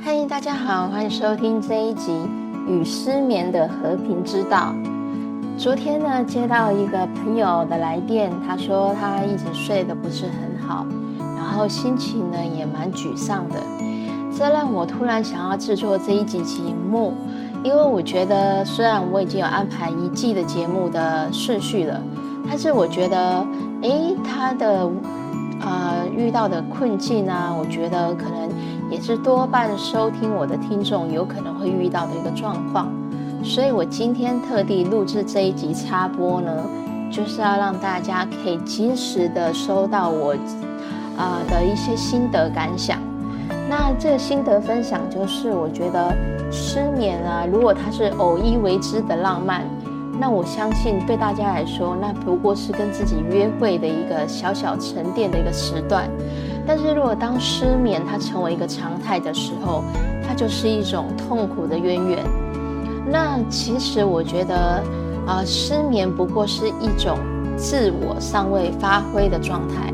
嗨，Hey, 大家好，歡迎收聽這一集《與失眠的和平之道》。昨天呢，接到一個朋友的來電，他說他一直睡得不是很好，然後心情呢也蠻沮喪的。這讓我突然想要製作這一集節目，因為我覺得雖然我已經有安排一季的節目的順序了，但是我覺得，哎，他的呃遇到的困境呢、啊，我覺得可能，也是多半收聽我的聽眾有可能會遇到的一個狀況，所以我今天特地錄製這一集插播呢，就是要讓大家可以及時地收到我啊的一些心得感想。那這個心得分享就是，我覺得失眠啊，如果它是偶一為之的浪漫，那我相信對大家來說，那不過是跟自己約會的一個小小沉澱的一個時段。但是如果當失眠它成為一個常態的時候，它就是一種痛苦的淵源。那其實我覺得，啊、呃，失眠不過是一種自我尚未發揮的狀態，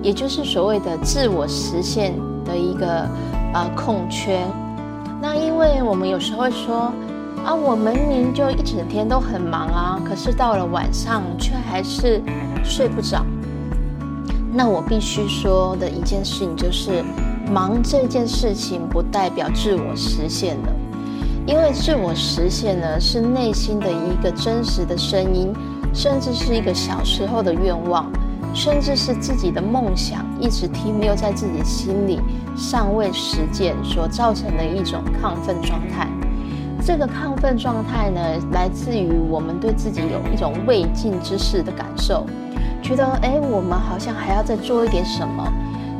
也就是所謂的自我實現的一個、呃、空缺。那因為我們有時候會說，啊，我們明明就一整天都很忙啊，可是到了晚上卻還是睡不着。那我必須說的一件事情就是，忙這件事情不代表自我實現的，因為自我實現呢，是內心的一個真實的聲音，甚至是一個小時候的願望，甚至是自己的夢想一直停留在自己心裡，尚未實踐所造成的一種亢奮狀態。這個亢奮狀態呢，來自於我們對自己有一種未盡之事的感受。我覺得誒，我們好像還要再做一點什麼，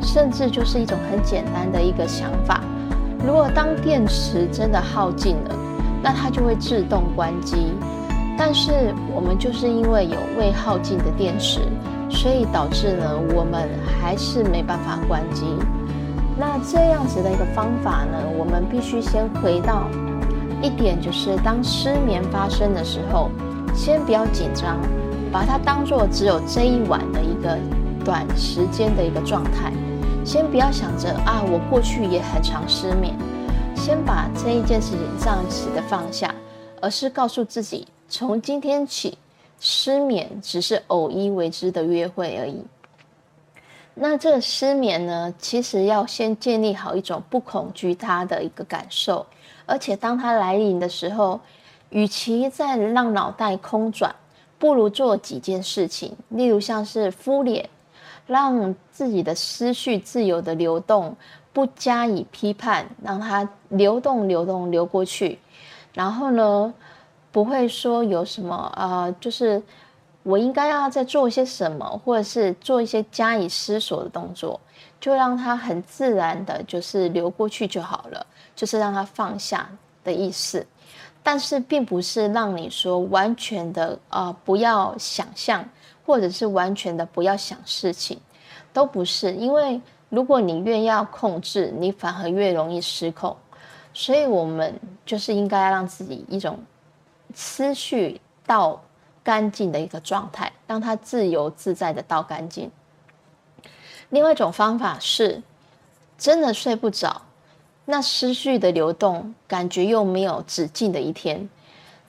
甚至就是一種很簡單的一個想法。如果當電池真的耗盡了，那它就會自動關機。但是我們就是因為有未耗盡的電池，所以導致呢，我們還是沒辦法關機。那這樣子的一個方法呢，我們必須先回到一點，就是當失眠發生的時候，先不要緊張。把它當做只有這一晚的一個短時間的一個狀態，先不要想着啊，我過去也很常失眠，先把這一件事情暫時的放下，而是告訴自己，從今天起，失眠只是偶一為之的約會而已。那這個失眠呢，其實要先建立好一種不恐懼它的一個感受，而且當它來臨的時候，與其再讓腦袋空轉，不如做幾件事情，例如像是敷臉，讓自己的思緒自由的流動，不加以批判，讓它流動、流動、流過去。然後呢，不會說有什麼啊、呃，就是我應該要再做一些什麼，或者是做一些加以思索的動作，就讓它很自然的，就是流過去就好了，就是讓它放下的意思。但是並不是讓你說完全的，啊、呃、不要想象，或者是完全的不要想事情，都不是。因為如果你越要控制，你反而越容易失控。所以，我們就是應該讓自己一種思緒到乾淨的一個狀態，讓它自由自在的到乾淨。另外一種方法是，真的睡不着。那思緒的流動，感覺又沒有止境的一天。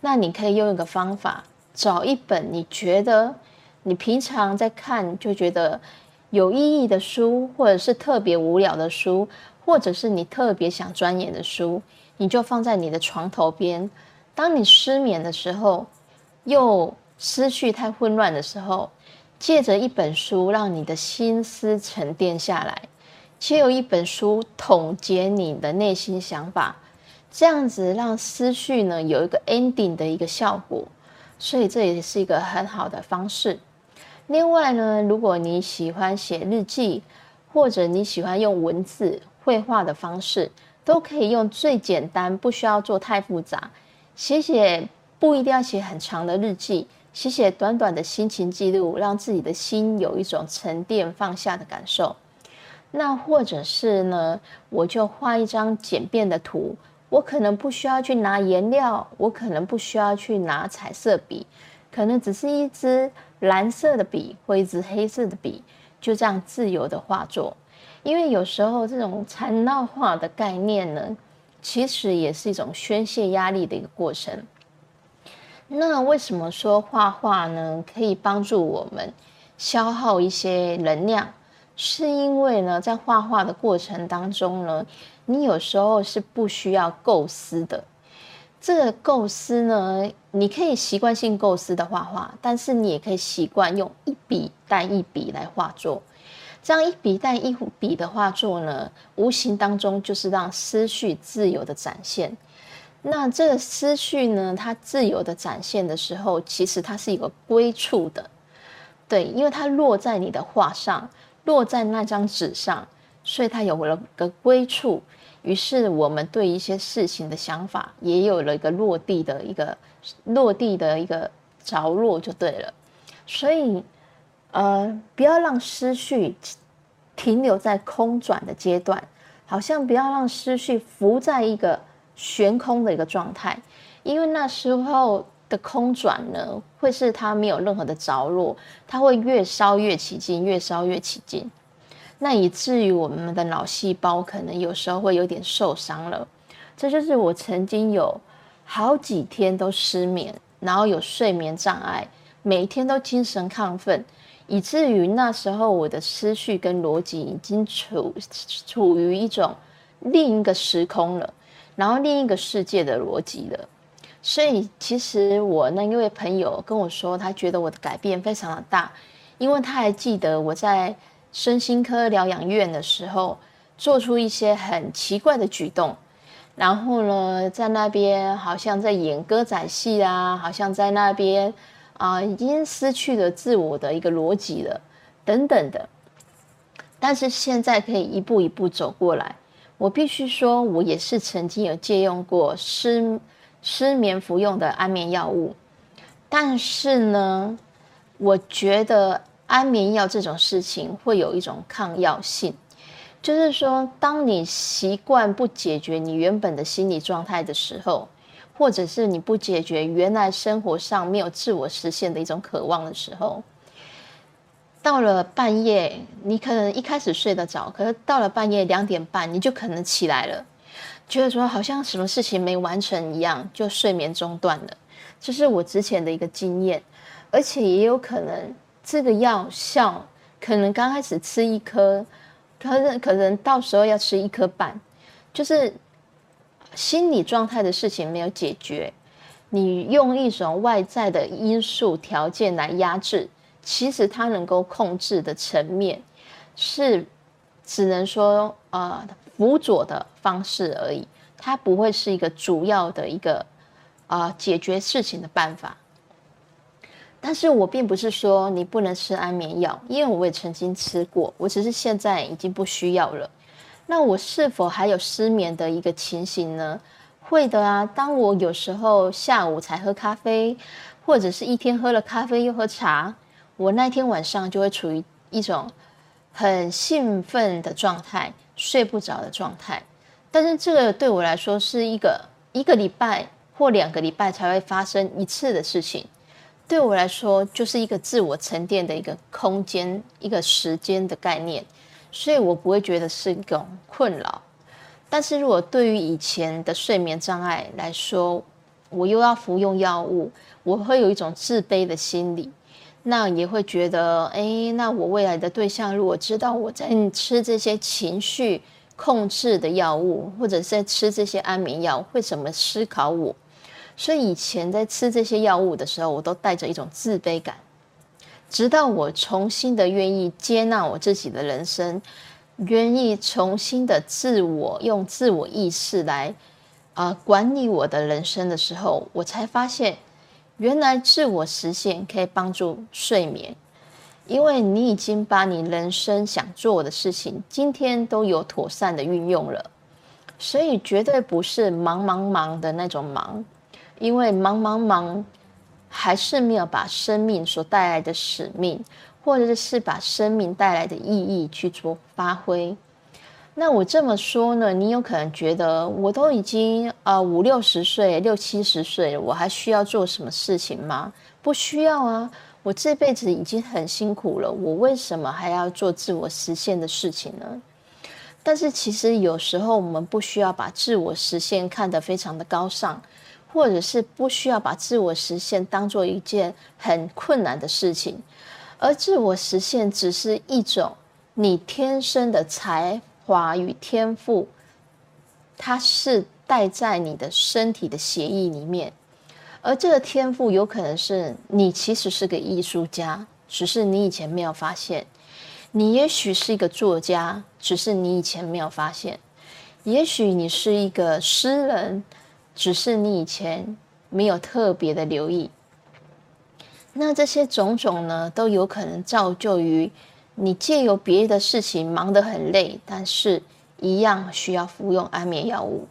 那你可以用一個方法，找一本你覺得你平常在看就覺得有意義的書，或者是特別無聊的書，或者是你特別想鑽研的書，你就放在你的床頭邊。當你失眠的時候，又思緒太混亂的時候，借着一本書，讓你的心思沉澱下來。寫有一本書，總結你的內心想法，這樣子讓思緒呢有一個 ending 的一個效果，所以這也是一個很好的方式。另外呢，如果你喜歡寫日記，或者你喜歡用文字、繪畫的方式，都可以用最簡單，不需要做太複雜。寫寫不一定要寫很長的日記，寫寫短短的心情記錄，讓自己的心有一種沉澱、放下的感受。那或者是呢，我就畫一張簡便的圖，我可能不需要去拿顏料，我可能不需要去拿彩色筆，可能只是一支藍色的筆或一支黑色的筆，就這樣自由的畫作。因為有時候這種纏繞畫的概念呢，其實也是一種宣洩壓力的一個過程。那為什麼說畫畫呢，可以幫助我們消耗一些能量？是因為呢，在畫畫的過程當中呢，你有時候是不需要構思的。這個構思呢，你可以習慣性構思的畫畫，但是你也可以習慣用一筆帶一筆來畫作。這樣一筆帶一筆的畫作呢，無形當中就是讓思緒自由的展現。那這個思緒呢，它自由的展現的時候，其實它是一個歸處的，對，因為它落在你的畫上。落在那張紙上，所以它有了個歸處。於是我們對一些事情的想法也有了一個落地的一個落地的一個着落就對了。所以，呃，不要讓思緒停留在空轉的階段，好像不要讓思緒浮在一個懸空的一個狀態，因為那時候。的空轉呢，會是它沒有任何的着落，它會越燒越起勁，越燒越起勁，那以至於我們的腦細胞可能有時候會有點受傷了。這就是我曾經有好幾天都失眠，然後有睡眠障礙，每天都精神亢奮，以至於那時候我的思緒跟邏輯已經處處於一種另一個時空了，然後另一個世界的邏輯了。所以，其實我那一位朋友跟我說，他覺得我的改變非常的大，因為他還記得我在身心科療養院的時候，做出一些很奇怪的舉動，然後呢，在那邊好像在演歌仔戲啊，好像在那邊啊，已經失去了自我的一個邏輯了，等等的。但是現在可以一步一步走過來，我必須說，我也是曾經有借用過失。失眠服用的安眠藥物，但是呢，我覺得安眠藥這種事情會有一種抗藥性，就是說，當你習慣不解決你原本的心理狀態的時候，或者是你不解決原來生活上沒有自我實現的一種渴望的時候，到了半夜，你可能一開始睡得着，可是到了半夜兩點半，你就可能起來了。覺得說好像什麼事情沒完成一樣，就睡眠中斷了，這是我之前的一個經驗，而且也有可能這個藥效可能剛開始吃一顆，可能可能到時候要吃一顆半，就是心理狀態的事情沒有解決，你用一種外在的因素條件來壓制，其實它能夠控制的層面是只能說啊。呃輔佐的方式而已，它不會是一個主要的一個啊、呃、解決事情的辦法。但是我並不是說你不能吃安眠藥，因為我也曾經吃過，我只是現在已經不需要了。那我是否還有失眠的一個情形呢？會的啊，當我有時候下午才喝咖啡，或者是一天喝了咖啡又喝茶，我那天晚上就會處於一種很興奮的狀態。睡不着的狀態，但是這個對我來說是一個一個禮拜或兩個禮拜才會發生一次的事情，對我來說就是一個自我沉澱的一個空間、一個時間的概念，所以我不會覺得是一種困擾。但是如果對於以前的睡眠障礙來說，我又要服用藥物，我會有一種自卑的心理。那也會覺得，哎，那我未來的對象如果知道我在吃這些情緒控制的藥物，或者是在吃這些安眠藥，會怎麼思考我？所以以前在吃這些藥物的時候，我都帶着一種自卑感。直到我重新的願意接納我自己的人生，願意重新的自我，用自我意識來啊、呃、管理我的人生的時候，我才發現。原來自我實現可以幫助睡眠，因為你已經把你人生想做的事情，今天都有妥善的運用了，所以絕對不是忙忙忙的那種忙，因為忙忙忙還是沒有把生命所帶來的使命，或者是把生命帶來的意義去做發揮。那我這麼說呢？你有可能覺得我都已經啊五六十歲、六七十歲了，我還需要做什麼事情嗎？不需要啊！我這輩子已經很辛苦了，我為什麼還要做自我實現的事情呢？但是其實有時候我們不需要把自我實現看得非常的高尚，或者是不需要把自我實現當做一件很困難的事情，而自我實現只是一種你天生的才。法與天賦，它是帶在你的身體的血液裡面，而這個天賦有可能是你其實是個藝術家，只是你以前沒有發現；你也許是一個作家，只是你以前沒有發現；也許你是一個詩人，只是你以前沒有特別的留意。那這些種種呢，都有可能造就於。你借由別的事情忙得很累，但是一樣需要服用安眠藥物，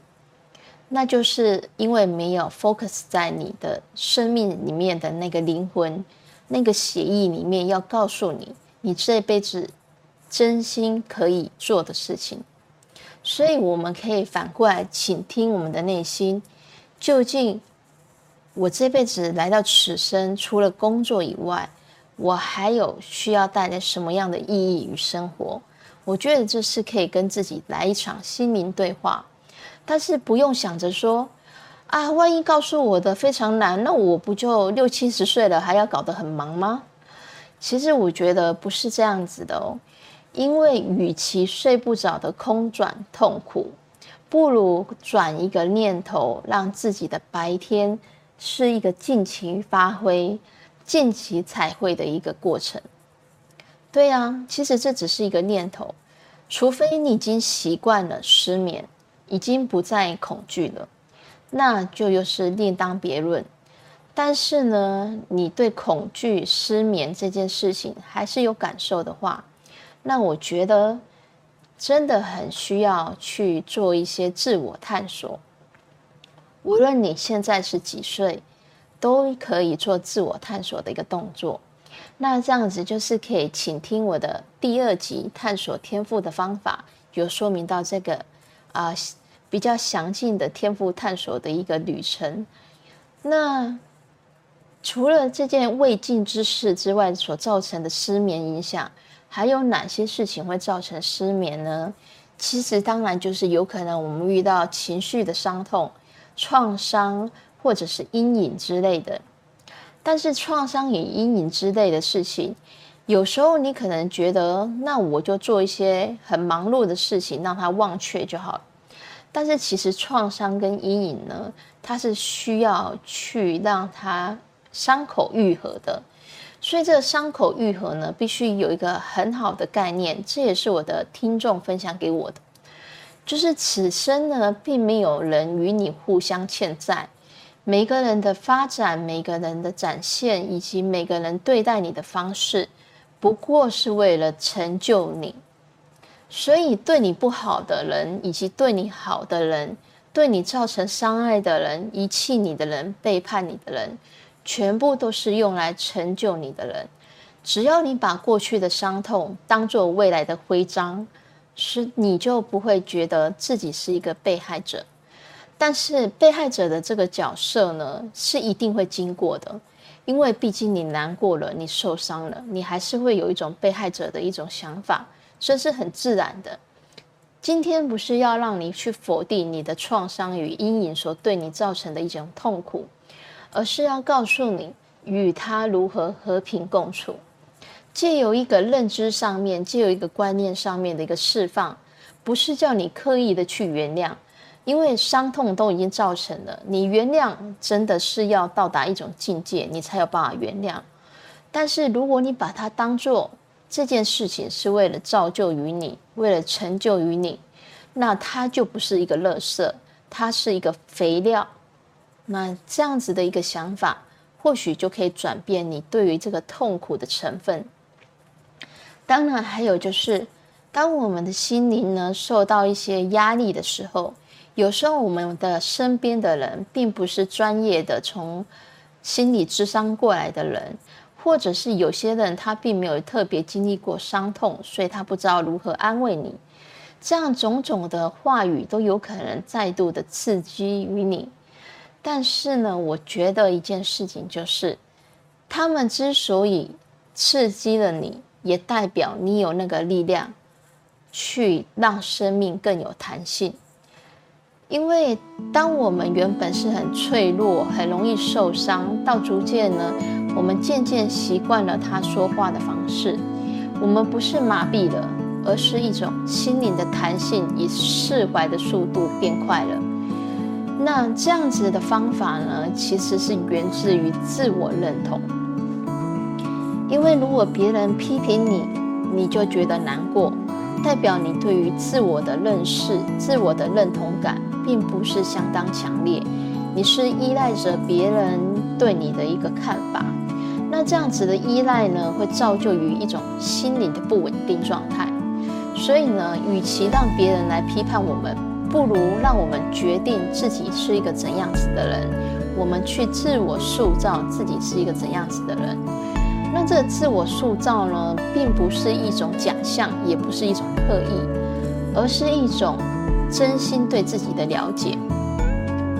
那就是因為沒有 focus 在你的生命裡面的那個靈魂、那個血液裡面，要告訴你你這輩子真心可以做的事情。所以我們可以反過來傾聽我們的內心，究竟我這輩子來到此生，除了工作以外。我還有需要帶來什麼樣的意義與生活？我覺得這是可以跟自己來一場心靈對話，但是不用想着說，啊，萬一告訴我的非常難，那我不就六七十歲了，還要搞得很忙嗎？其實我覺得不是這樣子的哦，因為與其睡不着的空轉痛苦，不如轉一個念頭，讓自己的白天是一個盡情發揮。近期才會的一個過程，對呀、啊，其實這只是一個念頭，除非你已經習慣了失眠，已經不再恐懼了，那就又是另當別論。但是呢，你對恐懼失眠這件事情還是有感受的話，那我覺得真的很需要去做一些自我探索。無論你現在是幾歲。都可以做自我探索的一個動作，那這樣子就是可以請聽我的第二集探索天賦的方法，有說明到這個啊、呃、比較詳盡的天賦探索的一個旅程。那除了這件未盡之事之外，所造成的失眠影響，還有哪些事情會造成失眠呢？其實當然就是有可能我們遇到情緒的傷痛、創傷。或者是陰影之類的，但是創傷與陰影之類的事情，有時候你可能覺得，那我就做一些很忙碌的事情，讓他忘卻就好了。但是其實創傷跟陰影呢，它是需要去讓它傷口癒合的。所以這個傷口癒合呢，必須有一個很好的概念。這也是我的聽眾分享給我的，就是此生呢，並沒有人與你互相欠債。每個人的發展，每個人的展現，以及每個人對待你的方式，不過是為了成就你。所以，對你不好的人，以及對你好的人，對你造成傷害的人，遺棄你的人，背叛你的人，全部都是用來成就你的人。只要你把過去的傷痛當做未來的徽章，是你就不會覺得自己是一個被害者。但是被害者的這個角色呢，是一定會經過的，因為畢竟你難過了，你受傷了，你還是會有一種被害者的一種想法，這是很自然的。今天不是要讓你去否定你的創傷與陰影所對你造成的一種痛苦，而是要告訴你與他如何和平共處，借由一個認知上面，借由一個觀念上面的一個釋放，不是叫你刻意的去原諒。因為傷痛都已經造成了，你原諒真的是要到達一種境界，你才有辦法原諒。但是如果你把它當做這件事情是為了造就於你，為了成就於你，那它就不是一個垃圾，它是一個肥料。那這樣子的一個想法，或許就可以轉變你對於這個痛苦的成分。當然，還有就是，當我們的心靈呢受到一些壓力的時候。有時候，我們的身邊的人並不是專業的從心理諮商過來的人，或者是有些人他並沒有特別經歷過傷痛，所以他不知道如何安慰你。這樣種種的話語都有可能再度的刺激於你。但是呢，我覺得一件事情就是，他們之所以刺激了你，也代表你有那個力量去讓生命更有彈性。因為當我們原本是很脆弱、很容易受傷，到逐漸呢，我們漸漸習慣了他說話的方式。我們不是麻痹了，而是一種心靈的彈性，以釋懷的速度變快了。那這樣子的方法呢，其實是源自於自我認同。因為如果別人批評你，你就覺得難過，代表你對於自我的認識、自我的認同感。並不是相當強烈，你是依賴着別人對你的一個看法，那這樣子的依賴呢，會造就於一種心理的不穩定狀態。所以呢，與其讓別人來批判我們，不如讓我們決定自己是一個怎樣子的人，我們去自我塑造自己是一個怎樣子的人。那這自我塑造呢，並不是一種假象，也不是一種刻意，而是一種，真心對自己的了解，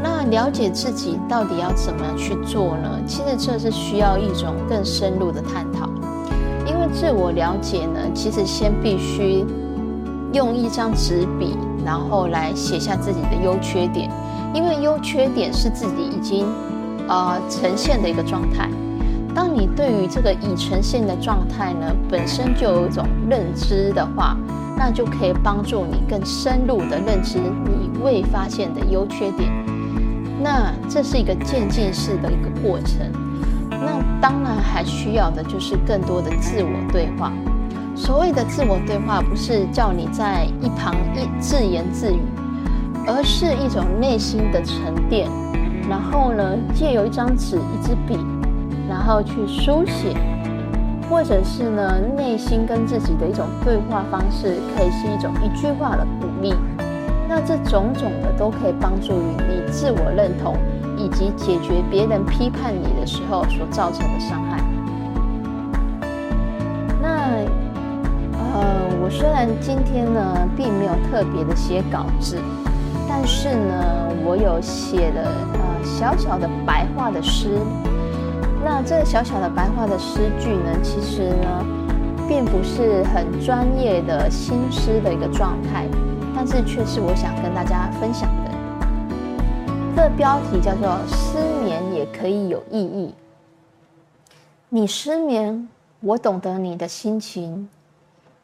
那了解自己到底要怎麼樣去做呢？其實這是需要一種更深入的探討。因為自我了解呢，其實先必須用一張紙筆，然後來寫下自己的優缺點。因為優缺點是自己已經呃呈現的一個狀態。當你對於這個已呈現的狀態呢，本身就有一種認知的話。那就可以幫助你更深入的認知你未發現的優缺點。那這是一個漸進式的一個過程。那當然還需要的就是更多的自我對話。所謂的自我對話，不是叫你在一旁一自言自語，而是一種內心的沉澱。然後呢，借由一張紙、一支筆，然後去書寫。或者是呢，內心跟自己的一種對話方式，可以是一種一句話的鼓勵。那這種種的都可以幫助於你自我認同，以及解決別人批判你的時候所造成的傷害。那呃，我雖然今天呢並沒有特別的寫稿子，但是呢，我有寫了呃小小的白話的詩。那這個小小的白話的詩句呢，其實呢，並不是很專業的心思的一個狀態，但是卻是我想跟大家分享的。這個標題叫做《失眠也可以有意義》。你失眠，我懂得你的心情，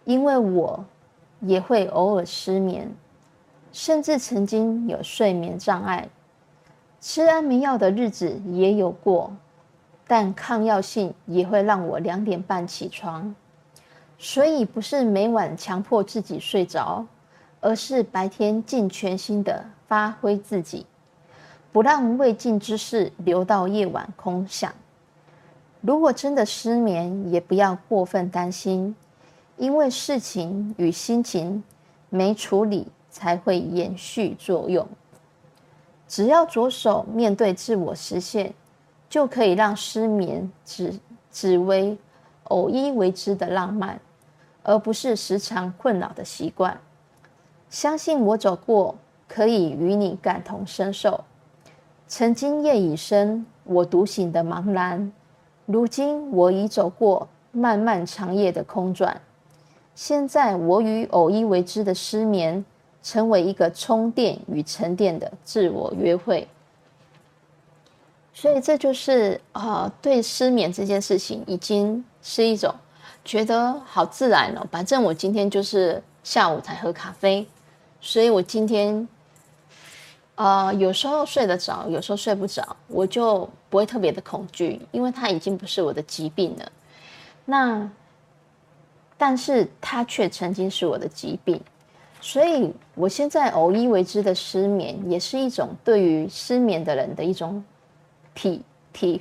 因為我也會偶爾失眠，甚至曾經有睡眠障礙，吃安眠藥的日子也有過。但抗藥性也會讓我兩點半起床，所以不是每晚強迫自己睡着，而是白天盡全心的發揮自己，不讓未盡之事留到夜晚空想。如果真的失眠，也不要過分擔心，因為事情與心情沒處理，才會延續作用。只要着手面對自我實現。就可以讓失眠只只為偶一為之的浪漫，而不是時常困擾的習慣。相信我走過，可以與你感同身受。曾經夜已深，我獨醒的茫然，如今我已走過漫漫長夜的空轉。現在我與偶一為之的失眠，成為一個充電與沉澱的自我約會。所以這就是啊、呃。對失眠這件事情已經是一種覺得好自然了、哦。反正我今天就是下午才喝咖啡，所以我今天啊、呃、有時候睡得着，有時候睡不着，我就不會特別的恐懼，因為它已經不是我的疾病了。那，但是它卻曾經是我的疾病，所以我現在偶一為之的失眠，也是一種對於失眠的人的一種。體體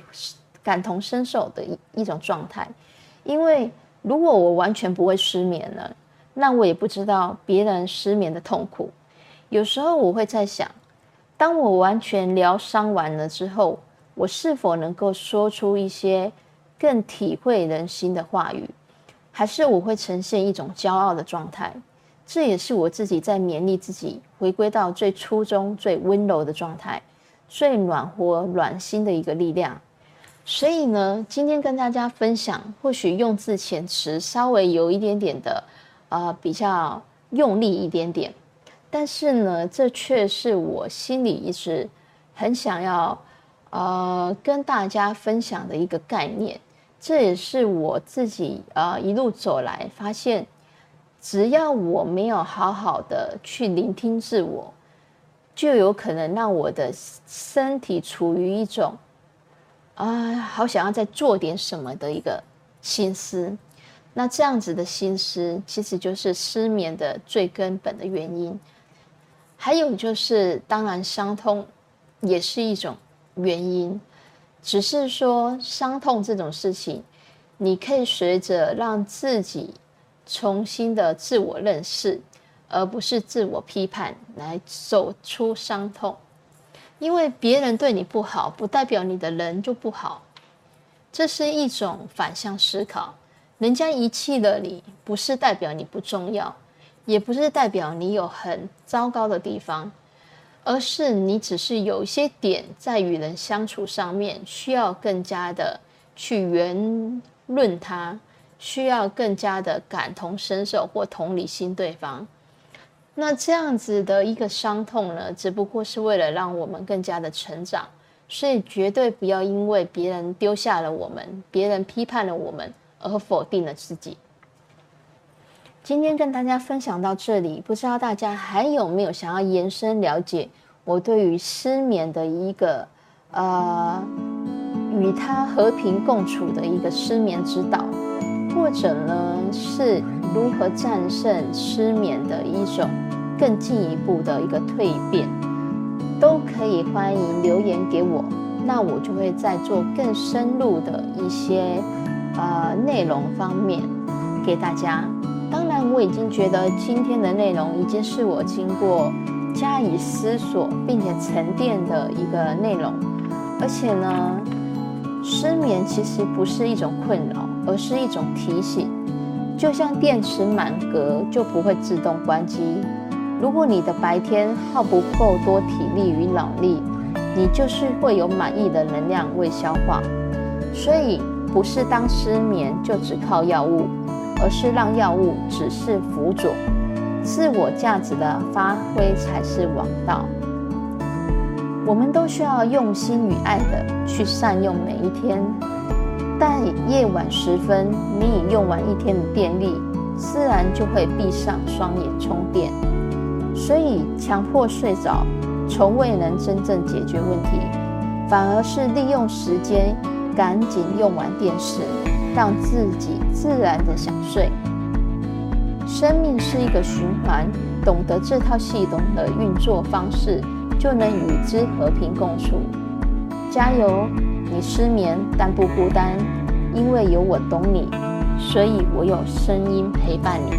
感同身受的一一種狀態，因為如果我完全不會失眠了，那我也不知道別人失眠的痛苦。有時候我會在想，當我完全療傷完了之後，我是否能夠說出一些更體會人心的話語，還是我會呈現一種驕傲的狀態？這也是我自己在勉勵自己回歸到最初衷最溫柔的狀態。最暖和、暖心的一個力量，所以呢，今天跟大家分享，或許用字遣詞稍微有一點點的，呃，比較用力一點點，但是呢，這卻是我心裡一直很想要，呃，跟大家分享的一個概念。這也是我自己，呃，一路走來發現，只要我沒有好好的去聆聽自我。就有可能讓我的身體處於一種，啊，好想要再做點什麼的一個心思。那這樣子的心思，其實就是失眠的最根本的原因。還有就是，當然傷痛也是一種原因，只是說傷痛這種事情，你可以隨着讓自己重新的自我認識，而不是自我批判，來走出傷痛，因為別人對你不好，不代表你的人就不好。這是一種反向思考。人家遺棄了你，不是代表你不重要，也不是代表你有很糟糕的地方，而是你只是有一些點在與人相處上面需要更加的去圓潤它，需要更加的感同身受或同理心對方。那這樣子的一個傷痛呢，只不過是為了讓我們更加的成長，所以絕對不要因為別人丟下了我們，別人批判了我們而否定了自己。今天跟大家分享到這裡，不知道大家還有沒有想要延伸了解我對於失眠的一個，呃，與它和平共處的一個失眠之道。或者呢，是如何戰勝失眠的一種更進一步的一個蛻變，都可以歡迎留言給我，那我就會再做更深入的一些呃內容方面給大家。當然，我已經覺得今天的內容已經是我經過加以思索並且沉澱的一個內容，而且呢，失眠其實不是一種困擾。而是一種提醒，就像電池滿格就不會自動關機。如果你的白天耗不夠多體力與腦力，你就是會有滿意的能量未消化。所以，不是當失眠就只靠藥物，而是讓藥物只是輔佐，自我價值的發揮才是王道。我們都需要用心與愛的去善用每一天。但夜晚時分，你已用完一天的電力，自然就會閉上雙眼充電。所以，強迫睡着，從未能真正解決問題，反而是利用時間，趕緊用完電池，讓自己自然的想睡。生命是一個循環，懂得這套系統的運作方式，就能與之和平共處。加油！你失眠，但不孤單，因為有我懂你，所以我有聲音陪伴你。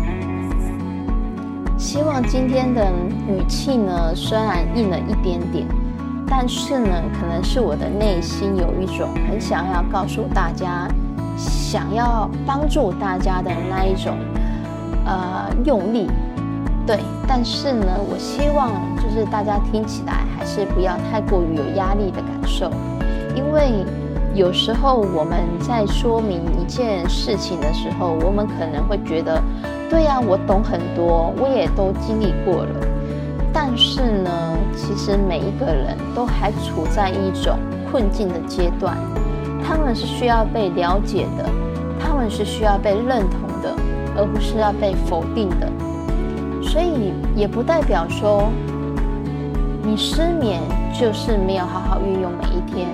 希望今天的語氣呢，雖然硬了一點點，但是呢，可能是我的內心有一種很想要告訴大家、想要幫助大家的那一種呃用力。對，但是呢，我希望就是大家聽起來還是不要太過於有壓力的感受。因為有時候我們在說明一件事情的時候，我們可能會覺得，對呀，我懂很多，我也都經歷過了。但是呢，其實每一個人都還處在一種困境的階段，他們是需要被了解的，他們是需要被認同的，而不是要被否定的。所以也不代表說，你失眠就是沒有好好運用每一天。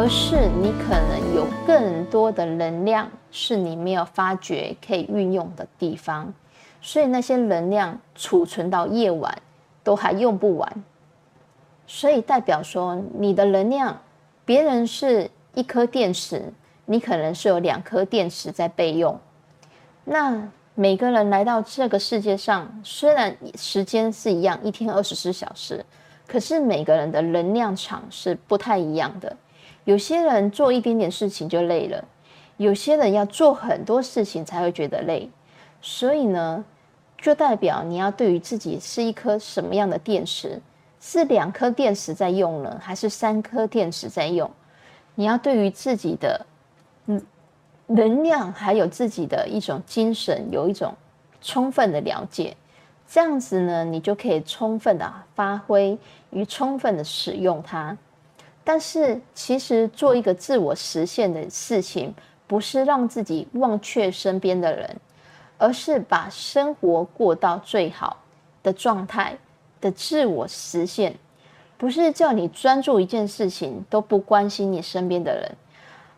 而是你可能有更多的能量，是你沒有發覺可以運用的地方，所以那些能量儲存到夜晚都還用不完，所以代表說你的能量，別人是一顆電池，你可能是有兩顆電池在備用。那每個人來到這個世界上，雖然時間是一樣，一天二十四小時，可是每個人的能量場是不太一樣的。有些人做一點點事情就累了，有些人要做很多事情才會覺得累。所以呢，就代表你要對於自己是一顆什麼樣的電池，是兩顆電池在用呢，還是三顆電池在用？你要對於自己的嗯能量還有自己的一種精神有一種充分的了解，這樣子呢，你就可以充分的發揮與充分的使用它。但是，其實做一個自我實現的事情，不是讓自己忘卻身邊的人，而是把生活過到最好的狀態的自我實現。不是叫你專注一件事情都不關心你身邊的人，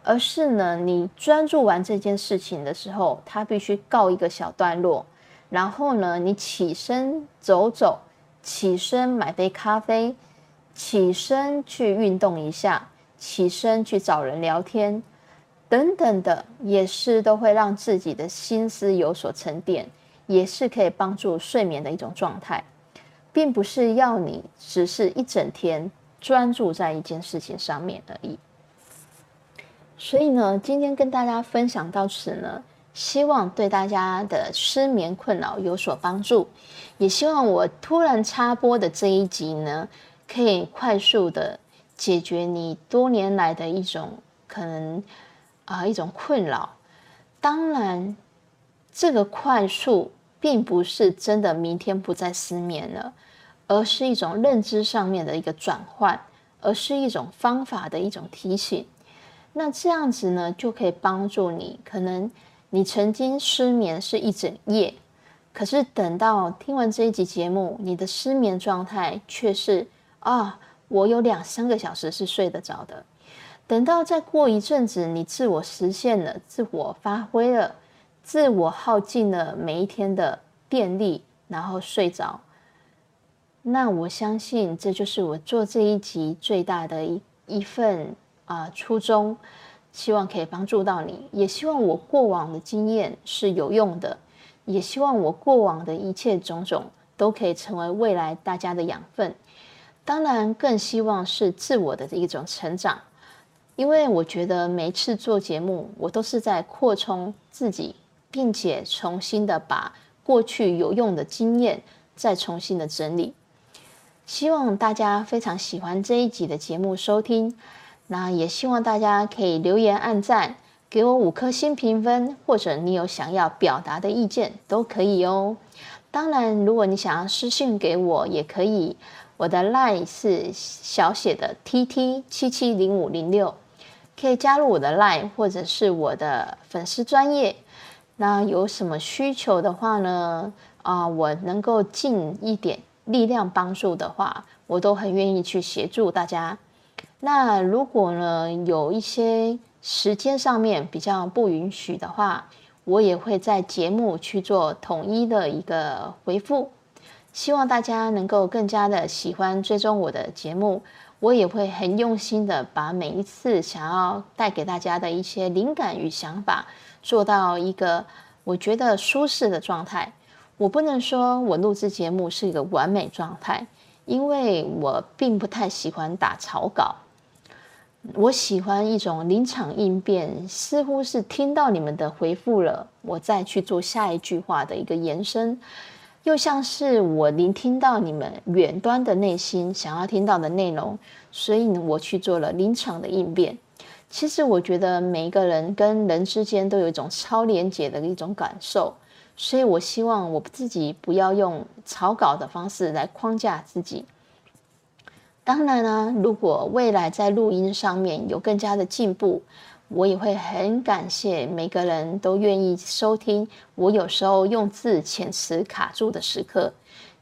而是呢，你專注完這件事情的時候，它必須告一個小段落，然後呢，你起身走走，起身買杯咖啡。起身去運動一下，起身去找人聊天，等等的，也是都會讓自己的心思有所沉澱，也是可以幫助睡眠的一種狀態，並不是要你只是一整天專注在一件事情上面而已。所以呢，今天跟大家分享到此呢，希望對大家的失眠困擾有所幫助，也希望我突然插播的這一集呢。可以快速的解決你多年來的一種可能啊、呃、一種困擾。當然，這個快速並不是真的明天不再失眠了，而是一種認知上面的一個轉換，而是一種方法的一種提醒。那這樣子呢，就可以幫助你。可能你曾經失眠是一整夜，可是等到聽完這一集節目，你的失眠狀態卻是。啊，我有兩三個小時是睡得着的。等到再過一陣子，你自我實現了，自我發揮了，自我耗盡了每一天的電力，然後睡着。那我相信這就是我做這一集最大的一一份啊、呃、初衷，希望可以幫助到你，也希望我過往的經驗是有用的，也希望我過往的一切種種都可以成為未來大家的養分。當然，更希望是自我的一種成長，因為我覺得每次做節目，我都是在擴充自己，並且重新的把過去有用的經驗再重新的整理。希望大家非常喜歡這一集的節目收聽，那也希望大家可以留言、按贊，給我五顆星評分，或者你有想要表達的意見都可以哦。當然，如果你想要私信給我，也可以。我的 line 是小寫的 TT 七七零五零六，可以加入我的 line 或者是我的粉絲專頁。那有什麼需求的話呢？啊，我能夠盡一點力量幫助的話，我都很願意去協助大家。那如果呢有一些時間上面比較不允許的話，我也會在節目去做統一的一個回復。希望大家能夠更加的喜歡追蹤我的節目，我也會很用心的把每一次想要帶給大家的一些靈感與想法做到一個我覺得舒適的狀態。我不能說我錄製節目是一個完美狀態，因為我並不太喜歡打草稿，我喜歡一種臨場應變。似乎是聽到你們的回復了，我再去做下一句話的一個延伸。又像是我聆聽到你們遠端的內心想要聽到的內容，所以我去做了臨場的應變。其實我覺得每一個人跟人之間都有一種超連結的一種感受，所以我希望我自己不要用草稿的方式來框架自己。當然呢、啊，如果未來在錄音上面有更加的進步。我也會很感謝每個人都願意收聽我有時候用字遣詞卡住的時刻，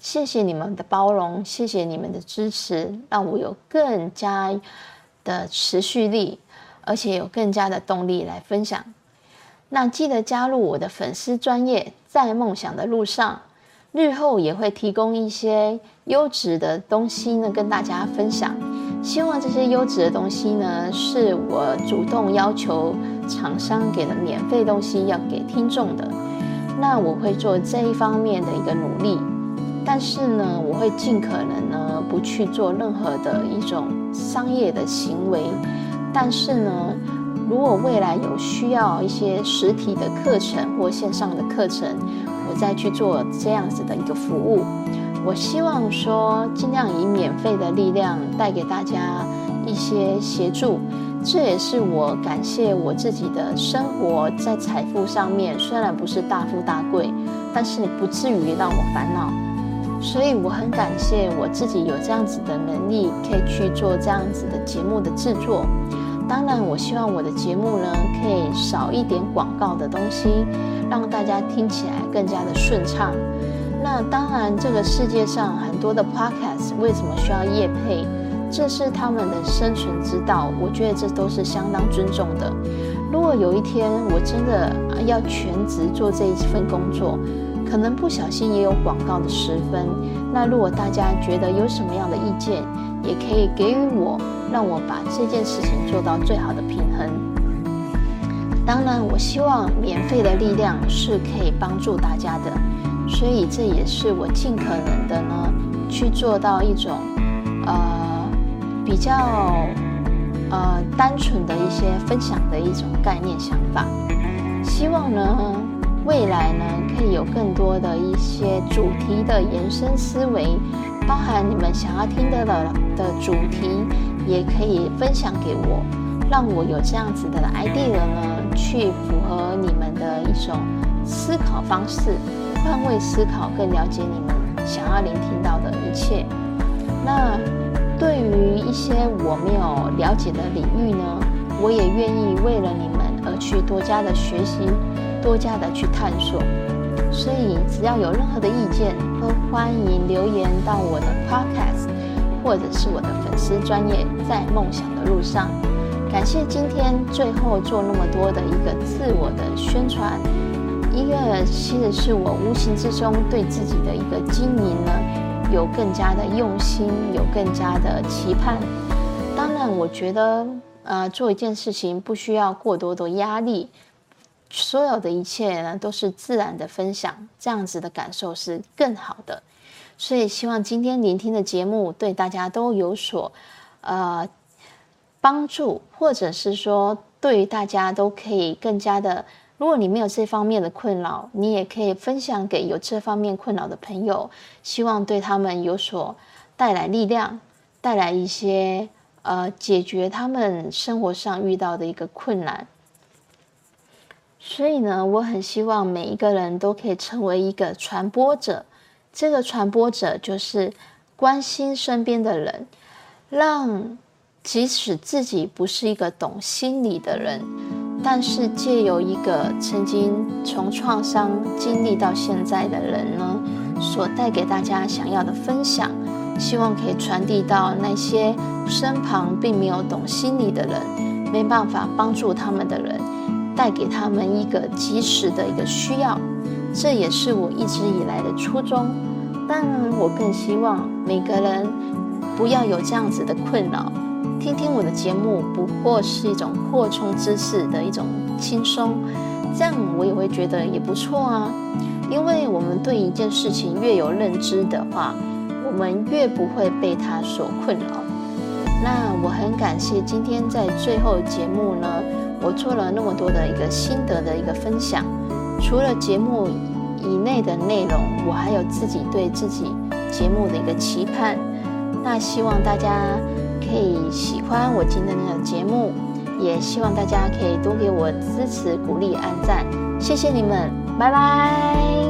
謝謝你們的包容，謝謝你們的支持，讓我有更加的持續力，而且有更加的動力來分享。那記得加入我的粉絲專頁，在夢想的路上，日後也會提供一些優質的東西呢，跟大家分享。希望這些優質的東西呢，是我主動要求廠商給的免費東西，要給聽眾的。那我會做這一方面的一個努力，但是呢，我會盡可能呢不去做任何的一種商業的行為。但是呢，如果未來有需要一些實體的課程或線上的課程，我再去做這樣子的一個服務。我希望說，盡量以免費的力量帶給大家一些協助。這也是我感謝我自己的生活在財富上面，雖然不是大富大貴，但是不至於讓我煩惱。所以我很感謝我自己有這樣子的能力，可以去做這樣子的節目的制作。當然，我希望我的節目呢，可以少一點廣告的東西，讓大家聽起來更加的順暢。那當然，這個世界上很多的 podcast 為什麼需要業配？這是他們的生存之道。我覺得這都是相當尊重的。如果有一天我真的要全職做這一份工作，可能不小心也有廣告的時分。那如果大家覺得有什麼樣的意見，也可以給予我，讓我把這件事情做到最好的平衡。當然，我希望免費的力量是可以幫助大家的。所以這也是我盡可能的呢，去做到一種，呃，比較，呃，單純的一些分享的一種概念想法。希望呢，未來呢，可以有更多的一些主題的延伸思維，包含你們想要聽的的的主題，也可以分享給我，讓我有這樣子的 idea 呢，去符合你們的一種思考方式。換位思考，更了解你們想要聆聽到的一切。那對於一些我沒有了解的領域呢，我也願意為了你們而去多加的學習，多加的去探索。所以，只要有任何的意見，都歡迎留言到我的 Podcast，或者是我的粉絲專業，在夢想的路上。感謝今天最後做那麼多的一個自我的宣傳。一個其實是我無形之中對自己的一個經營呢，有更加的用心，有更加的期盼。當然，我覺得呃做一件事情不需要過多的壓力，所有的一切呢都是自然的分享，這樣子的感受是更好的。所以，希望今天聆聽的節目對大家都有所呃幫助，或者是說對於大家都可以更加的。如果你沒有這方面的困擾，你也可以分享給有這方面困擾的朋友，希望對他們有所帶來力量，帶來一些呃解決他們生活上遇到的一個困難。所以呢，我很希望每一個人都可以成為一個傳播者，這個傳播者就是關心身邊的人，讓即使自己不是一個懂心理的人。但是借由一個曾經從創傷經歷到現在的人呢，所帶給大家想要的分享，希望可以傳遞到那些身旁並沒有懂心理的人，沒辦法幫助他們的人，帶給他們一個及時的一個需要。這也是我一直以來的初衷。但我更希望每個人不要有這樣子的困擾。聽聽我的節目，不過是一種擴充知識的一種輕鬆，這樣我也會覺得也不錯啊。因為我們對一件事情越有認知的話，我們越不會被它所困擾。那我很感謝今天在最後節目呢，我做了那麼多的一個心得的一個分享。除了節目以內的內容，我還有自己對自己節目的一個期盼。那希望大家。可以喜歡我今天的節目，也希望大家可以多給我支持、鼓勵、按讚，謝謝你們，拜拜。